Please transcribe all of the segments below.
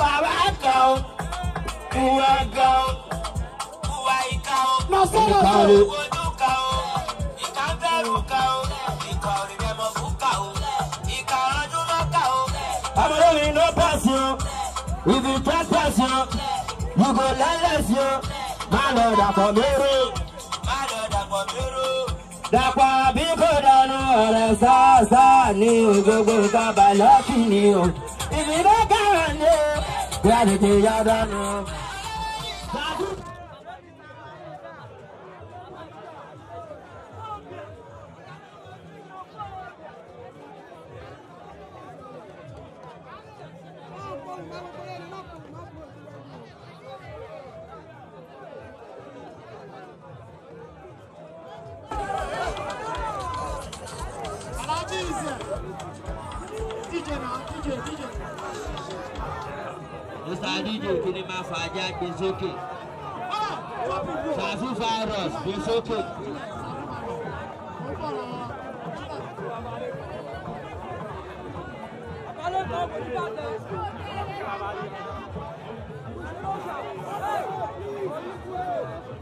bàbá kan o ìwà kan o ìwà ìka o ìka o ojú kan o ìka bẹ̀rù kan o ìka ò rí bẹ́ẹ̀ mọ fún dàpọ̀ bí kò dánú ọ̀rẹ́ sáà sáà ní gbogbo nǹkan bàlọ́ọ̀kì ni o. Yani dünyadan DJ, DJ, DJ. Mr. Adiju Kinima Faja gbé sókè. Safi Virus gbé sókè.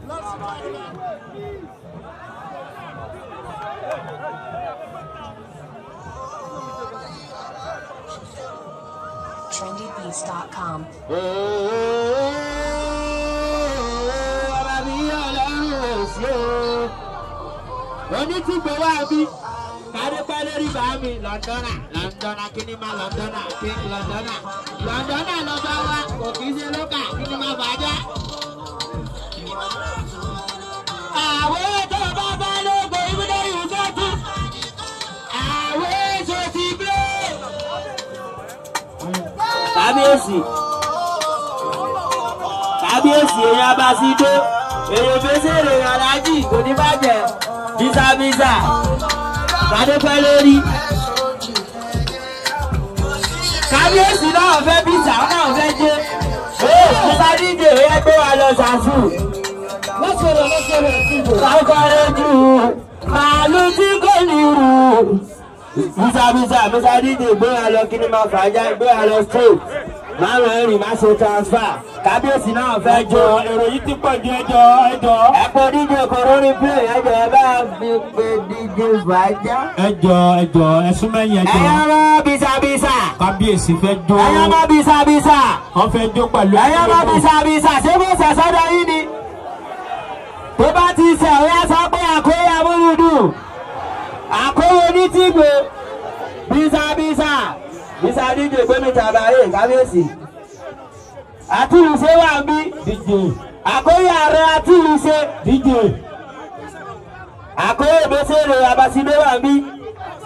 Let's go. trendybeats.com. Oníkùgbọ̀wá mi, kárípẹ́ lórí bá mi, Lọ́ndọ́nà, Lọ́ndọ́nà, kíní Lọ́ndọ́nà, kíní Lọ́ndọ́nà, Lọ́ndọ́nà ló bá wá, kò kì kíní máa kábíyèsí kábíyèsí èèyàn abásídó èèyàn fẹsẹ̀rẹ̀ èèyàn aláàjì kò ní bàjẹ́ bísàbísà kádépẹ́ lórí. kábíyèsí náà fẹ́ bísà náà fẹ́ jẹ́ ó musa díje ẹgbẹ́ wa lọ sàfù. lọ́sọ̀rọ̀ lọ́sọ̀rọ̀ ìdìbò. kákọ́ lójú visa visa musa dídì gbéra lọ kí ni máa fà á já gbéra lọ straight márùn ẹrìn má ṣe transfer kábíyèsí náà fẹ́ jó èrò yìí ti pọ̀ ju ẹjọ́ ẹjọ́. ẹ̀pọ̀ dídì kòró ní play ẹjọ́ ẹ bá mi pe dídì fàájà. ẹjọ́ ẹjọ́ ẹ̀sùn mẹ́yìn ẹjọ́. ẹ̀yọ́ bá bisabisa. kábíyèsí fẹ́ jó. ẹ̀yọ́ bá bisabisa. wọ́n fẹ́ jó pẹ̀lú. ẹ̀yọ́ bá bisabisa ṣé mo ṣẹ̀ṣọ́dọ̀ yín ni. tó bá ti ṣẹ̀ ó sọ pé àkóyá múlùdùn bisa, bisa, bisa títí gbé bísàbísà bísàdíje gbẹmìtàbà ayé kábíyèsí àtúnṣe wà ń bí díje àkóyè ààrẹ àtúnṣe díje àkóyè bẹsẹrẹ abaside wà ń bí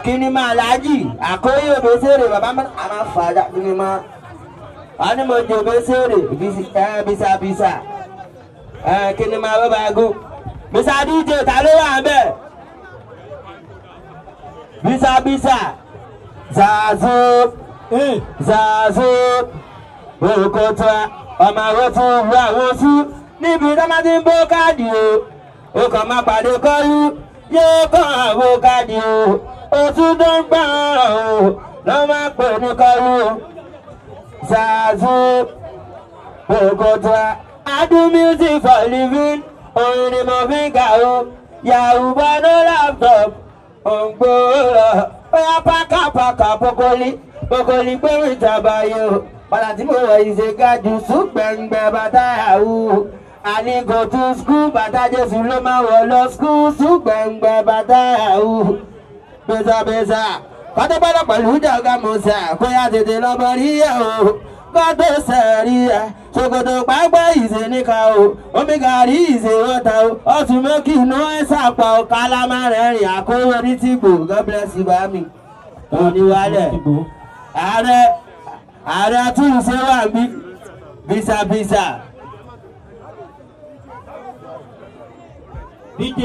kíni máa láàjì àkóyè bẹsẹrẹ bàbá àmà fàdà kíni máa ánimọ̀jọ bẹsẹrẹ bísàbísà kíni máa bàbá ago bísàdíje ta ló wà ń bẹ́ẹ̀ bisa bisa zazub eh, zazub òkòtò ọmọ àwọn tó wọ àwọn sú níbi tọ́mátì ń bó káàdì o ó kàn máa pàdé kọ́lú yóò kàn àwọ káàdì o ó tó ń gbà o lọ́ máa pè ní kọ́lú zazub òkòtò adùn music for living òun ni mo fi ń no laptop òǹgbòrò bóyá pákàpákà bókólí bókólí gbẹ̀rù ìjàmbá yìí o padà tí mo wọ̀ ìṣe gajù sùn gbẹ̀ngbẹ̀ bàtà àwù àní go to school bàtà jésù ló máa wọ̀ lọ school sùn gbẹ̀ngbẹ̀ bàtà àwù bẹ́sà bẹ́sà pátápátá pẹ̀lú jàgà mọ̀sà kóyá tètè lọ́mọ rí yẹ̀ o gbàgbé sàríyà ṣòkòtò pápá ìṣe níka o omi gàrí ìṣe wọ́ta o ọ̀tún mọ́kì inú ẹ̀ sàpà o kálámà rẹ̀rìn àkówó ní tìgbò God bless you bami oníwálẹ̀ ààrẹ ààrẹ àtúnṣe wà mí bísàbísà. DJ.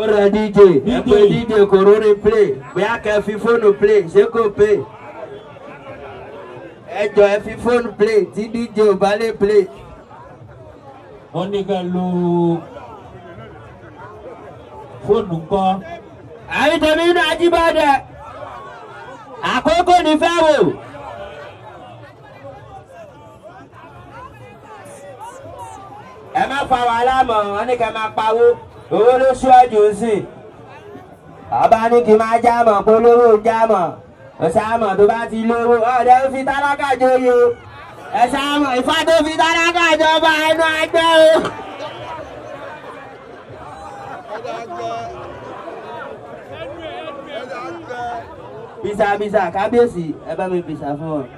Ora DJ. DJ. Epe DJ korore play. Bóyá kẹ́ fi fóònù play. Ṣé kò pay? ẹ jọ ẹ fi fóònù play tí dj ò bá lè play. wọ́n ní ká lo fóònù kọ́. àyítọ́mí inú ajíbádẹ àkókò ní fẹ́ràn. ẹ má fa wàhálà mọ́ wọ́n ní ká máa pawó owó ló ṣíwájú sí i. ọba ní kí n máa já mọ̀ polówó já mọ̀ ọ̀sàmọ̀ tó bá ti lówó ọ̀dẹ ó fi tálákà joyè ọ̀sàmọ̀ Ifá tó fi tálákà jọba ẹnu àgbẹ̀ o. bísà bísà kábíyèsí ẹ bá mi bísà fún ọ.